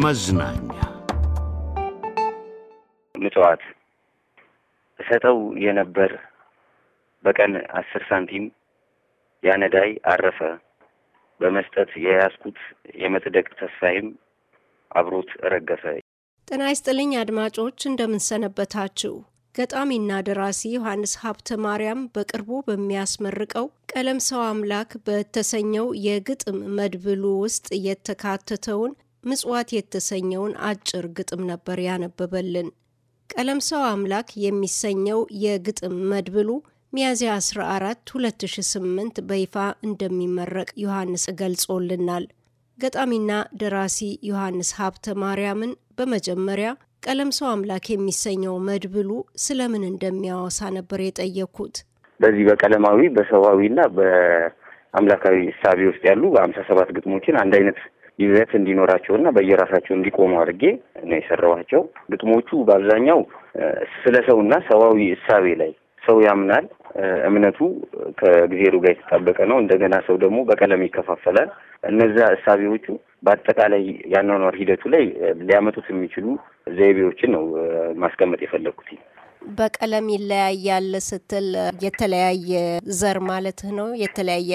መዝናኛ ምጽዋት እሰጠው የነበር በቀን አስር ሳንቲም ያነዳይ አረፈ በመስጠት የያዝኩት የመጽደቅ ተስፋይም አብሮት ረገፈ። ጤና ይስጥልኝ አድማጮች፣ እንደምንሰነበታችሁ። ገጣሚና ደራሲ ዮሐንስ ሀብተ ማርያም በቅርቡ በሚያስመርቀው ቀለም ሰው አምላክ በተሰኘው የግጥም መድብሉ ውስጥ የተካተተውን ምጽዋት የተሰኘውን አጭር ግጥም ነበር ያነበበልን። ቀለም ሰው አምላክ የሚሰኘው የግጥም መድብሉ ሚያዝያ 14 2008 በይፋ እንደሚመረቅ ዮሐንስ ገልጾልናል። ገጣሚና ደራሲ ዮሐንስ ሀብተ ማርያምን በመጀመሪያ ቀለም ሰው አምላክ የሚሰኘው መድብሉ ስለምን እንደሚያወሳ ነበር የጠየኩት። በዚህ በቀለማዊ በሰዋዊና በአምላካዊ እሳቤ ውስጥ ያሉ በአምሳ ሰባት ግጥሞችን አንድ አይነት ይዘት እንዲኖራቸውና በየራሳቸው እንዲቆሙ አድርጌ ነው የሰራኋቸው። ግጥሞቹ በአብዛኛው ስለ ሰውና ሰዋዊ እሳቤ ላይ ሰው ያምናል። እምነቱ ከእግዜሩ ጋር የተጣበቀ ነው። እንደገና ሰው ደግሞ በቀለም ይከፋፈላል። እነዛ እሳቤዎቹ በአጠቃላይ ያኗኗር ሂደቱ ላይ ሊያመጡት የሚችሉ ዘይቤዎችን ነው ማስቀመጥ የፈለግኩት። በቀለም ይለያያል ስትል የተለያየ ዘር ማለትህ ነው? የተለያየ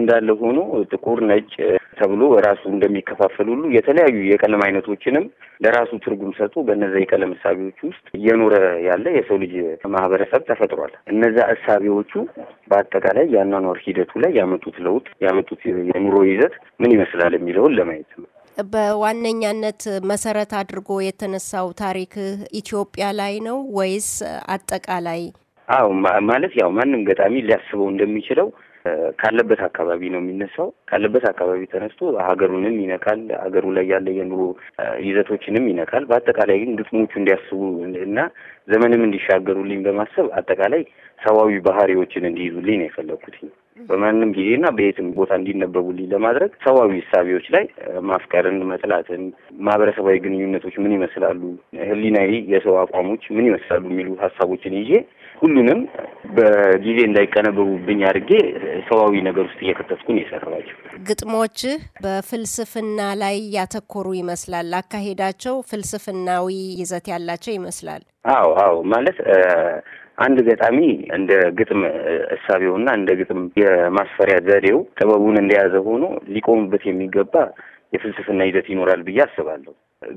እንዳለ ሆኖ ጥቁር፣ ነጭ ተብሎ ራሱ እንደሚከፋፈል ሁሉ የተለያዩ የቀለም አይነቶችንም ለራሱ ትርጉም ሰጡ። በእነዚያ የቀለም እሳቤዎች ውስጥ እየኖረ ያለ የሰው ልጅ ማህበረሰብ ተፈጥሯል። እነዛ እሳቤዎቹ በአጠቃላይ የአኗኗር ሂደቱ ላይ ያመጡት ለውጥ ያመጡት የኑሮ ይዘት ምን ይመስላል የሚለውን ለማየት ነው። በዋነኛነት መሰረት አድርጎ የተነሳው ታሪክ ኢትዮጵያ ላይ ነው ወይስ አጠቃላይ? አዎ ማለት ያው ማንም ገጣሚ ሊያስበው እንደሚችለው ካለበት አካባቢ ነው የሚነሳው። ካለበት አካባቢ ተነስቶ ሀገሩንም ይነካል፣ ሀገሩ ላይ ያለ የኑሮ ይዘቶችንም ይነካል። በአጠቃላይ ግን ግጥሞቹ እንዲያስቡ እና ዘመንም እንዲሻገሩልኝ በማሰብ አጠቃላይ ሰዋዊ ባህሪዎችን እንዲይዙልኝ ነው የፈለግኩትኝ። በማንም ጊዜና በየትም ቦታ እንዲነበቡልኝ ለማድረግ ሰዋዊ እሳቤዎች ላይ ማፍቀርን፣ መጥላትን፣ ማህበረሰባዊ ግንኙነቶች ምን ይመስላሉ፣ ህሊናዊ የሰው አቋሞች ምን ይመስላሉ የሚሉ ሀሳቦችን ይዤ ሁሉንም በጊዜ እንዳይቀነበቡብኝ አድርጌ ሰዋዊ ነገር ውስጥ እየከተትኩን የሰራቸው ግጥሞች በፍልስፍና ላይ ያተኮሩ ይመስላል። አካሄዳቸው ፍልስፍናዊ ይዘት ያላቸው ይመስላል። አዎ አዎ ማለት አንድ ገጣሚ እንደ ግጥም እሳቤውና እንደ ግጥም የማስፈሪያ ዘዴው ጥበቡን እንደያዘ ሆኖ ሊቆምበት የሚገባ የፍልስፍና ይዘት ይኖራል ብዬ አስባለሁ።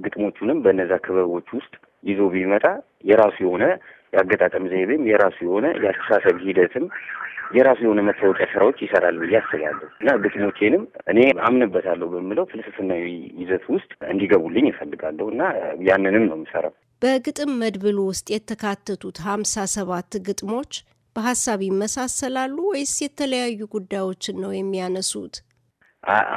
ግጥሞቹንም በነዛ ክበቦች ውስጥ ይዞ ቢመጣ የራሱ የሆነ የአገጣጠም ዘይቤም የራሱ የሆነ የአስተሳሰብ ሂደትም የራሱ የሆነ መታወቂያ ስራዎች ይሰራል ብዬ አስባለሁ እና ግጥሞቼንም እኔ አምንበታለሁ በምለው ፍልስፍናዊ ይዘት ውስጥ እንዲገቡልኝ ይፈልጋለሁ እና ያንንም ነው የምሰራው። በግጥም መድብሉ ውስጥ የተካተቱት 57 ግጥሞች በሀሳብ ይመሳሰላሉ ወይስ የተለያዩ ጉዳዮችን ነው የሚያነሱት?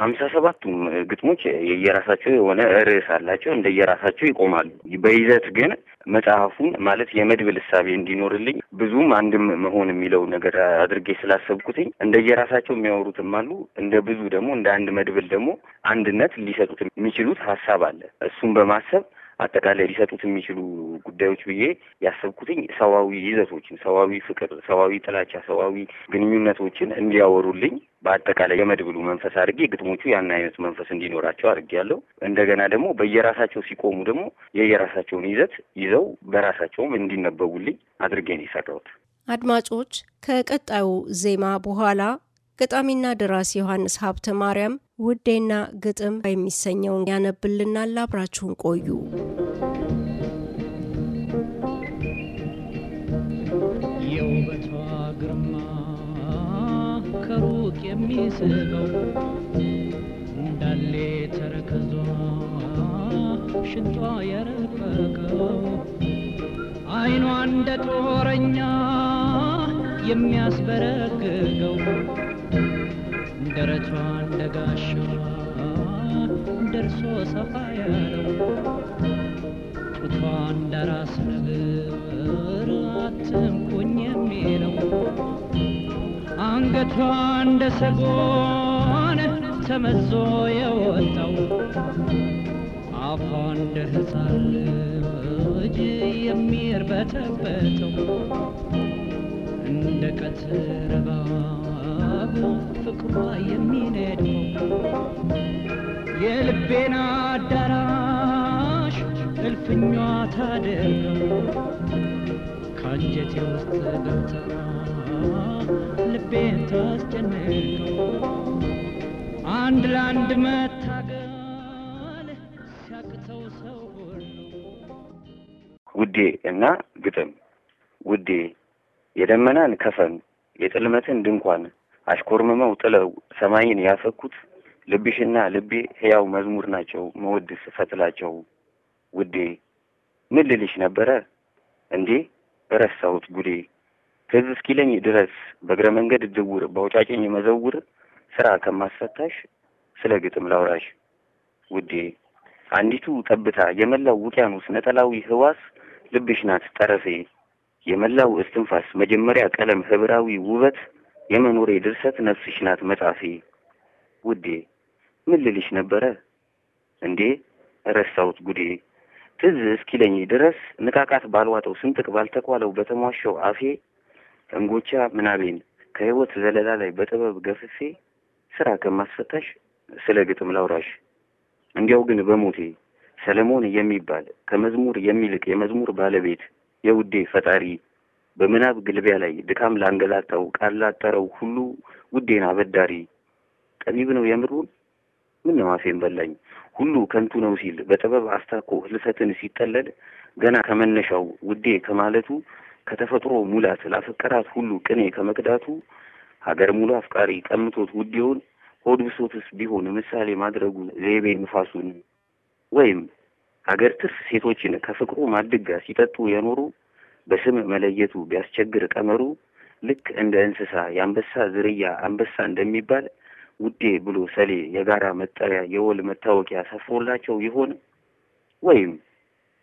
ሀምሳ ሰባቱም ግጥሞች የየራሳቸው የሆነ ርዕስ አላቸው። እንደየራሳቸው ይቆማሉ። በይዘት ግን መጽሐፉን ማለት የመድብል እሳቤ እንዲኖርልኝ ብዙም አንድም መሆን የሚለው ነገር አድርጌ ስላሰብኩትኝ እንደየራሳቸው የሚያወሩትም አሉ። እንደ ብዙ ደግሞ እንደ አንድ መድብል ደግሞ አንድነት ሊሰጡት የሚችሉት ሀሳብ አለ። እሱን በማሰብ አጠቃላይ ሊሰጡት የሚችሉ ጉዳዮች ብዬ ያሰብኩትኝ ሰዋዊ ይዘቶችን፣ ሰዋዊ ፍቅር፣ ሰዋዊ ጥላቻ፣ ሰዋዊ ግንኙነቶችን እንዲያወሩልኝ በአጠቃላይ የመድብሉ መንፈስ አድርጌ ግጥሞቹ ያን አይነት መንፈስ እንዲኖራቸው አድርጌ ያለው። እንደገና ደግሞ በየራሳቸው ሲቆሙ ደግሞ የየራሳቸውን ይዘት ይዘው በራሳቸውም እንዲነበቡልኝ አድርጌ ነው የሰራሁት። አድማጮች ከቀጣዩ ዜማ በኋላ ገጣሚና ደራሲ ዮሐንስ ሀብተ ማርያም ውዴና ግጥም የሚሰኘውን ያነብልናል። አብራችሁን ቆዩ። የውበቷ ግርማ ከሩቅ የሚስበው እንዳሌ ተረከዟ ሽንጧ የረቀቀው አይኗ እንደ ጦረኛ የሚያስበረግገው ደረቷን እንደ ጋሻዋ ደርሶ ሰፋ ያለው ጡቷን እንደ ራስ ነብር አትንኩኝ የሚለው አንገቷ እንደ ሰጎን ተመዞ የወጣው አፏን እንደ ሕፃን ልጅ የሚርበተበተው እንደ ቀትር እባብ በፍቅሯ የሚነድፈው የልቤና አዳራሽ እልፍኟ ታደርገው ከአንጀቴ ውስጥ ገብታ ልቤን ታስጨንቀው አንድ ለአንድ መታገል ሲያቅተው ሰው ውዴ እና ግጥም ውዴ የደመናን ከፈን የጥልመትን ድንኳን አሽኮርምመው ጥለው ሰማይን ያፈኩት ልብሽና ልቤ ሕያው መዝሙር ናቸው መወድስ ፈትላቸው ውዴ ምን ልልሽ ነበረ እንዴ እረሳሁት ጉዴ ትዝ እስኪለኝ ድረስ በእግረ መንገድ ድውር በውጫጭኝ መዘውር ስራ ከማስፈታሽ ስለ ግጥም ላውራሽ ውዴ አንዲቱ ጠብታ የመላው ውቅያኖስ ነጠላዊ ህዋስ ልብሽ ናት ጠረፌ የመላው እስትንፋስ መጀመሪያ ቀለም ህብራዊ ውበት የመኖሬ ድርሰት ነፍስሽ ናት መጻፊ ውዴ ምን ልልሽ ነበረ እንዴ ረሳሁት ጉዴ ትዝ እስኪለኝ ድረስ ንቃቃት ባልዋጠው ስንጥቅ ባልተቋለው በተሟሸው አፌ እንጎቻ ምናቤን ከህይወት ዘለላ ላይ በጥበብ ገፍፌ ስራ ከማስፈታሽ ስለ ግጥም ላውራሽ። እንዲያው ግን በሞቴ ሰለሞን የሚባል ከመዝሙር የሚልቅ የመዝሙር ባለቤት የውዴ ፈጣሪ በምናብ ግልቢያ ላይ ድካም ላንገላታው ቃል ላጠረው ሁሉ ውዴን አበዳሪ ጠቢብ ነው የምሩን ምን ነው አፌን በላኝ ሁሉ ከንቱ ነው ሲል በጥበብ አስታኮ ህልሰትን ሲጠለል ገና ከመነሻው ውዴ ከማለቱ ከተፈጥሮ ሙላት ላፈቀራት ሁሉ ቅኔ ከመቅዳቱ ሀገር ሙሉ አፍቃሪ ቀምቶት ውዴውን ሆድ ብሶትስ ቢሆን ምሳሌ ማድረጉ ዘይቤ ንፋሱን ወይም ሀገር ትርፍ ሴቶችን ከፍቅሩ ማድጋ ሲጠጡ የኖሩ በስም መለየቱ ቢያስቸግር ቀመሩ ልክ እንደ እንስሳ የአንበሳ ዝርያ አንበሳ እንደሚባል ውዴ ብሎ ሰሌ የጋራ መጠሪያ የወል መታወቂያ ሰፍሮላቸው ይሆን ወይም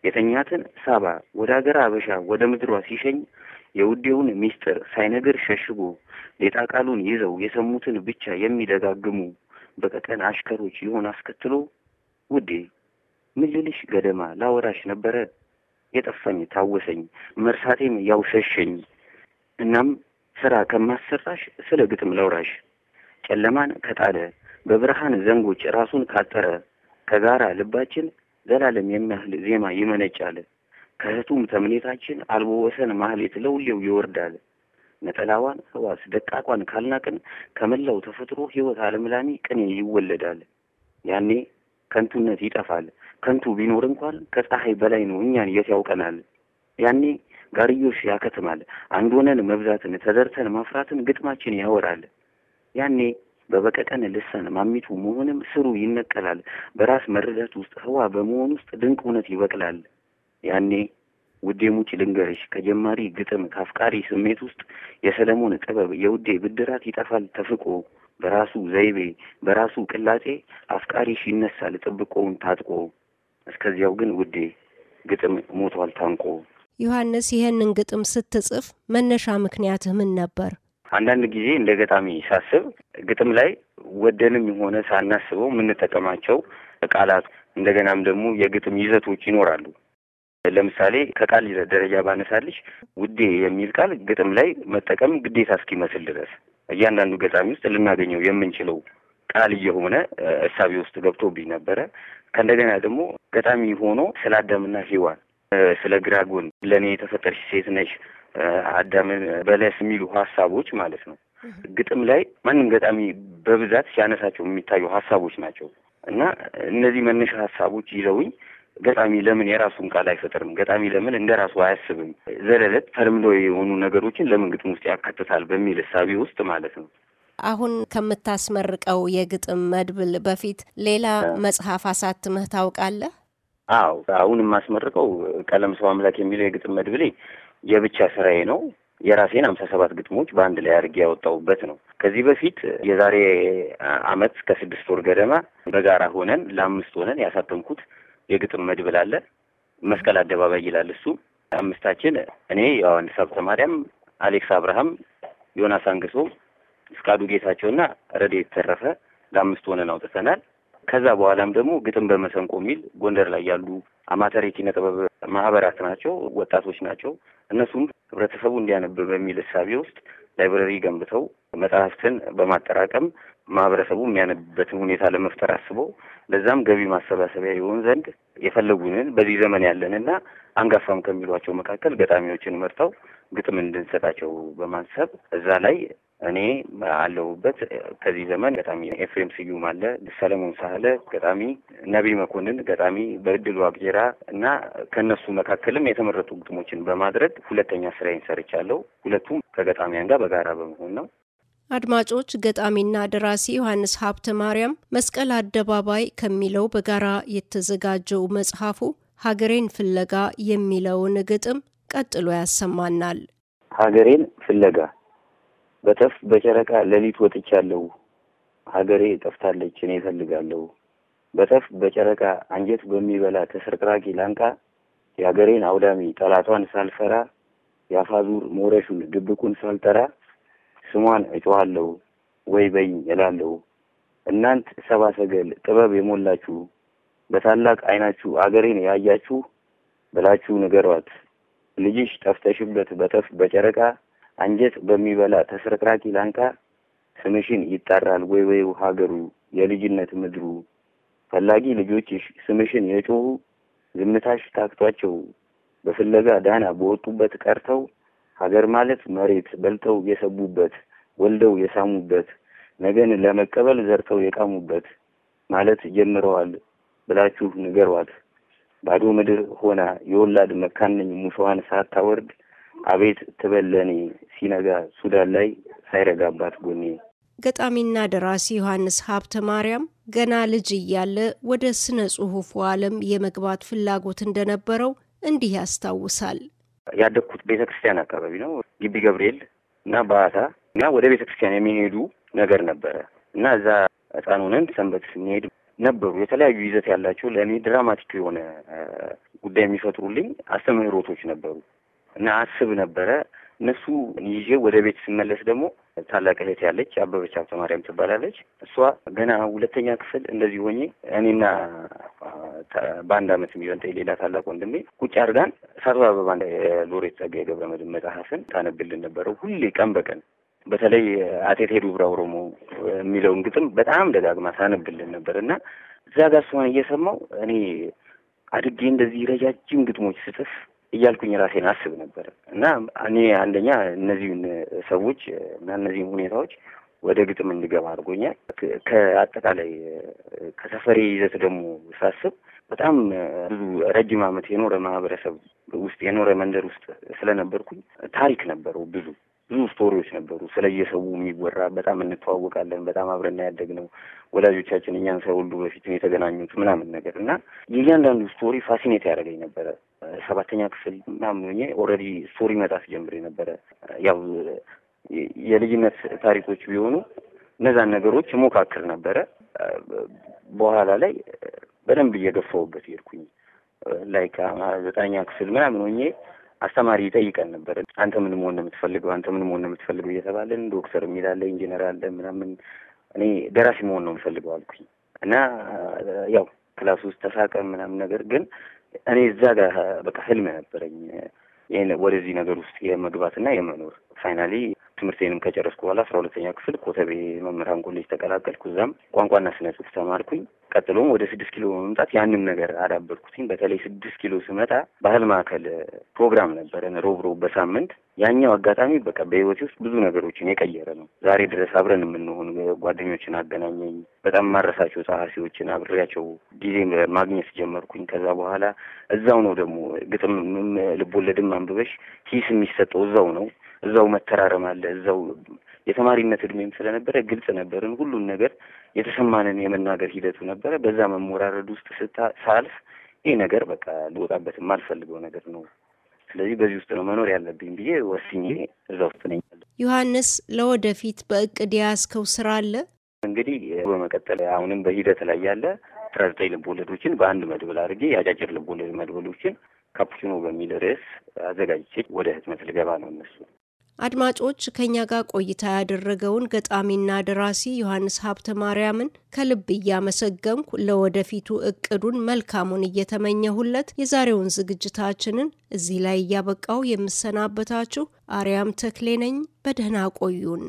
የተኛትን ሳባ ወደ አገር አበሻ ወደ ምድሯ ሲሸኝ የውዴውን ሚስጥር ሳይነግር ሸሽጎ ሌጣ ቃሉን ይዘው የሰሙትን ብቻ የሚደጋግሙ በቀቀን አሽከሮች ይሆን አስከትሎ ውዴ ምን ልልሽ ገደማ ላወራሽ ነበረ የጠፋኝ ታወሰኝ፣ መርሳቴም ያውሰሽኝ እናም ስራ ከማሰራሽ ስለ ግጥም ለውራሽ ጨለማን ከጣለ በብርሃን ዘንጎች ራሱን ካጠረ ከጋራ ልባችን ዘላለም የሚያህል ዜማ ይመነጫል። ከህቱም ተምኔታችን አልቦ ወሰን ማህሌት ለውሌው ይወርዳል። ነጠላዋን ህዋስ ደቃቋን ካልናቅን ከመላው ተፈጥሮ ህይወት አለምላሚ ቅኔ ይወለዳል። ያኔ ከንቱነት ይጠፋል። ከንቱ ቢኖር እንኳን ከፀሐይ በላይ ነው። እኛን የት ያውቀናል? ያኔ ጋርዮሽ ያከትማል። አንድ ሆነን መብዛትን ተደርተን ማፍራትን ግጥማችን ያወራል። ያኔ በበቀቀን ልሳን ማሚቱ መሆንም ስሩ ይነቀላል። በራስ መረዳት ውስጥ ህዋ በመሆን ውስጥ ድንቅ እውነት ይበቅላል። ያኔ ውዴ ሙች ልንገርሽ ከጀማሪ ግጥም ከአፍቃሪ ስሜት ውስጥ የሰለሞን ጥበብ የውዴ ብድራት ይጠፋል ተፍቆ በራሱ ዘይቤ በራሱ ቅላጼ አፍቃሪሽ ይነሳል ጥብቆውን ታጥቆ እስከዚያው ግን ውዴ ግጥም ሞቷል ታንቆ። ዮሐንስ ይህንን ግጥም ስትጽፍ መነሻ ምክንያትህ ምን ነበር? አንዳንድ ጊዜ እንደ ገጣሚ ሳስብ ግጥም ላይ ወደንም የሆነ ሳናስበው የምንጠቀማቸው ቃላት እንደገናም ደግሞ የግጥም ይዘቶች ይኖራሉ። ለምሳሌ ከቃል ይዘት ደረጃ ባነሳልሽ ውዴ የሚል ቃል ግጥም ላይ መጠቀም ግዴታ እስኪመስል ድረስ እያንዳንዱ ገጣሚ ውስጥ ልናገኘው የምንችለው ቃል እየሆነ እሳቤ ውስጥ ገብቶብኝ ነበረ። ከእንደገና ደግሞ ገጣሚ ሆኖ ስለ አዳምና ሔዋን ስለ ግራጎን ጎን ለእኔ የተፈጠርሽ ሴት ነሽ፣ አዳምን በለስ የሚሉ ሀሳቦች ማለት ነው። ግጥም ላይ ማንም ገጣሚ በብዛት ሲያነሳቸው የሚታዩ ሀሳቦች ናቸው እና እነዚህ መነሻ ሀሳቦች ይዘውኝ ገጣሚ ለምን የራሱን ቃል አይፈጥርም? ገጣሚ ለምን እንደ ራሱ አያስብም? ዘለለት ተለምዶ የሆኑ ነገሮችን ለምን ግጥም ውስጥ ያካትታል? በሚል እሳቤ ውስጥ ማለት ነው አሁን ከምታስመርቀው የግጥም መድብል በፊት ሌላ መጽሐፍ አሳትመህ ታውቃለህ? አዎ፣ አሁን የማስመርቀው ቀለም ሰው አምላክ የሚለው የግጥም መድብሌ የብቻ ስራዬ ነው። የራሴን ሀምሳ ሰባት ግጥሞች በአንድ ላይ አድርጌ ያወጣሁበት ነው። ከዚህ በፊት የዛሬ አመት ከስድስት ወር ገደማ በጋራ ሆነን ለአምስት ሆነን ያሳተምኩት የግጥም መድብል አለ። መስቀል አደባባይ ይላል እሱ። አምስታችን እኔ የአንድ ሳብ አሌክስ አብርሃም፣ ዮናስ አንግሶ ፍቃዱ ጌታቸውና ረድኤት የተረፈ ለአምስት ሆነን አውጥተናል። ከዛ በኋላም ደግሞ ግጥም በመሰንቆ የሚል ጎንደር ላይ ያሉ አማተር የኪነ ጥበብ ማህበራት ናቸው፣ ወጣቶች ናቸው። እነሱም ህብረተሰቡ እንዲያነብ በሚል እሳቤ ውስጥ ላይብረሪ ገንብተው መጽሐፍትን በማጠራቀም ማህበረሰቡ የሚያነብበትን ሁኔታ ለመፍጠር አስበው ለዛም ገቢ ማሰባሰቢያ የሆን ዘንድ የፈለጉንን በዚህ ዘመን ያለንና አንጋፋም ከሚሏቸው መካከል ገጣሚዎችን መርጠው ግጥም እንድንሰጣቸው በማሰብ እዛ ላይ እኔ አለሁበት ከዚህ ዘመን ገጣሚ ኤፍሬም ስዩም አለ፣ ሰለሞን ሳህለ ገጣሚ፣ ነቢ መኮንን ገጣሚ፣ በእድሉ አብጌራ እና ከእነሱ መካከልም የተመረጡ ግጥሞችን በማድረግ ሁለተኛ ስራዬን ሰርቻለሁ። ሁለቱም ከገጣሚያን ጋር በጋራ በመሆን ነው። አድማጮች፣ ገጣሚና ደራሲ ዮሐንስ ሀብተ ማርያም መስቀል አደባባይ ከሚለው በጋራ የተዘጋጀው መጽሐፉ ሀገሬን ፍለጋ የሚለውን ግጥም ቀጥሎ ያሰማናል። ሀገሬን ፍለጋ በተፍ በጨረቃ ሌሊት ወጥቻለሁ፣ ሀገሬ ጠፍታለች፣ እኔ እፈልጋለሁ። በተፍ በጨረቃ አንጀት በሚበላ ተሰርቅራቂ ላንቃ የሀገሬን አውዳሚ ጠላቷን ሳልፈራ የአፋዙር ሞረሹን ድብቁን ሳልጠራ ስሟን እጮኋለሁ ወይ በኝ እላለሁ። እናንት ሰባ ሰገል ጥበብ የሞላችሁ በታላቅ ዓይናችሁ አገሬን ያያችሁ ብላችሁ ንገሯት ልጅሽ ጠፍተሽበት በተፍ በጨረቃ አንጀት በሚበላ ተስረቅራቂ ላንቃ ስምሽን ይጣራል ወይ ወይ ሀገሩ የልጅነት ምድሩ ፈላጊ ልጆችሽ ስምሽን የጮሁ ዝምታሽ ታክቷቸው በፍለጋ ዳና በወጡበት ቀርተው ሀገር ማለት መሬት በልተው የሰቡበት ወልደው የሳሙበት ነገን ለመቀበል ዘርተው የቃሙበት ማለት ጀምረዋል ብላችሁ ንገሯት። ባዶ ምድር ሆና የወላድ መካነኝ ሙሽዋን ሳታወርድ አቤት ትበለኔ ሲነጋ ሱዳን ላይ ሳይረጋባት ጎኔ። ገጣሚና ደራሲ ዮሐንስ ሀብተ ማርያም ገና ልጅ እያለ ወደ ስነ ጽሁፉ ዓለም የመግባት ፍላጎት እንደነበረው እንዲህ ያስታውሳል። ያደግኩት ቤተ ክርስቲያን አካባቢ ነው። ግቢ ገብርኤል እና በአታ እና ወደ ቤተ ክርስቲያን የሚሄዱ ነገር ነበረ እና እዛ ህፃን ሰንበት ስንሄድ ነበሩ የተለያዩ ይዘት ያላቸው ለእኔ ድራማቲክ የሆነ ጉዳይ የሚፈጥሩልኝ አስተምህሮቶች ነበሩ እና አስብ ነበረ እነሱ ይዤ ወደ ቤት ስመለስ ደግሞ ታላቅ እህት ያለች አበበች ሀብተ ማርያም ትባላለች። እሷ ገና ሁለተኛ ክፍል እንደዚህ ሆኜ እኔና በአንድ አመት የሚሆን ሌላ ታላቅ ወንድሜ ቁጭ አድርጋን ሳራ አበባ ሎሬት ጸጋዬ ገብረመድኅን መጽሐፍን ታነብልን ነበረው ሁሌ ቀን በቀን በተለይ አቴት ሄዱ ብራ ኦሮሞ የሚለውን ግጥም በጣም ደጋግማ ታነብልን ነበር እና እዛ ጋር እሷን እየሰማው እኔ አድጌ እንደዚህ ረጃጅም ግጥሞች ስጥፍ እያልኩኝ ራሴን አስብ ነበር እና እኔ አንደኛ እነዚህን ሰዎች እና እነዚህን ሁኔታዎች ወደ ግጥም እንድገባ አድርጎኛል። ከአጠቃላይ ከሰፈሬ ይዘት ደግሞ ሳስብ በጣም ብዙ ረጅም ዓመት የኖረ ማህበረሰብ ውስጥ የኖረ መንደር ውስጥ ስለነበርኩኝ ታሪክ ነበረው ብዙ ብዙ ስቶሪዎች ነበሩ። ስለየሰው የሚወራ በጣም እንተዋወቃለን። በጣም አብረና ያደግነው ወላጆቻችን እኛን ሁሉ በፊት የተገናኙት ምናምን ነገር እና የእያንዳንዱ ስቶሪ ፋሲኔት ያደረገኝ ነበረ። ሰባተኛ ክፍል ምናምን ሆኜ ኦልሬዲ ስቶሪ መጣ ጀምሬ ነበረ። ያው የልጅነት ታሪኮች ቢሆኑ እነዛን ነገሮች ሞካክር ነበረ። በኋላ ላይ በደንብ እየገፋውበት ሄድኩኝ። ላይክ ዘጠነኛ ክፍል ምናምን ሆኜ አስተማሪ ይጠይቀን ነበር። አንተ ምን መሆን ነው የምትፈልገው? አንተ ምን መሆን ነው የምትፈልገው እየተባለን ዶክተር የሚላለ አለ፣ ኢንጂነር አለ ምናምን። እኔ ደራሲ መሆን ነው የምፈልገው አልኩኝ እና ያው ክላስ ውስጥ ተሳቀ ምናምን። ነገር ግን እኔ እዛ ጋር በቃ ህልም ነበረኝ ይህን ወደዚህ ነገር ውስጥ የመግባትና የመኖር ፋይናሊ ትምህርቴንም ከጨረስኩ በኋላ አስራ ሁለተኛ ክፍል ኮተቤ መምህራን ኮሌጅ ተቀላቀልኩ። እዛም ቋንቋና ስነ ጽሁፍ ተማርኩኝ። ቀጥሎም ወደ ስድስት ኪሎ በመምጣት ያንን ነገር አዳበርኩትኝ። በተለይ ስድስት ኪሎ ስመጣ ባህል ማዕከል ፕሮግራም ነበረን ሮብሮ በሳምንት ያኛው አጋጣሚ በቃ በህይወቴ ውስጥ ብዙ ነገሮችን የቀየረ ነው። ዛሬ ድረስ አብረን የምንሆን ጓደኞችን አገናኘኝ። በጣም ማረሳቸው ጸሐፊዎችን አብሬያቸው ጊዜ ማግኘት ጀመርኩኝ። ከዛ በኋላ እዛው ነው ደግሞ ግጥም ልቦለድም አንብበሽ ኪስ የሚሰጠው እዛው ነው። እዛው መተራረም አለ። እዛው የተማሪነት እድሜም ስለነበረ ግልጽ ነበርን። ሁሉን ነገር የተሰማንን የመናገር ሂደቱ ነበረ። በዛ መሞራረድ ውስጥ ስታ ሳልፍ ይህ ነገር በቃ ልወጣበት የማልፈልገው ነገር ነው። ስለዚህ በዚህ ውስጥ ነው መኖር ያለብኝ ብዬ ወስኜ እዛ ውስጥ ነኝ። ዮሐንስ፣ ለወደፊት በእቅድ የያዝከው ስራ አለ? እንግዲህ በመቀጠል አሁንም በሂደት ላይ ያለ አስራ ዘጠኝ ልቦለዶችን በአንድ መድብል አድርጌ የአጫጭር ልቦለድ መድብሎችን ካፑቺኖ በሚል ርዕስ አዘጋጅቼ ወደ ህትመት ልገባ ነው እነሱ አድማጮች ከእኛ ጋር ቆይታ ያደረገውን ገጣሚና ደራሲ ዮሐንስ ሀብተ ማርያምን ከልብ እያመሰገንኩ ለወደፊቱ እቅዱን መልካሙን እየተመኘሁለት የዛሬውን ዝግጅታችንን እዚህ ላይ እያበቃው የምሰናበታችሁ አርያም ተክሌ ነኝ። በደህና ቆዩን።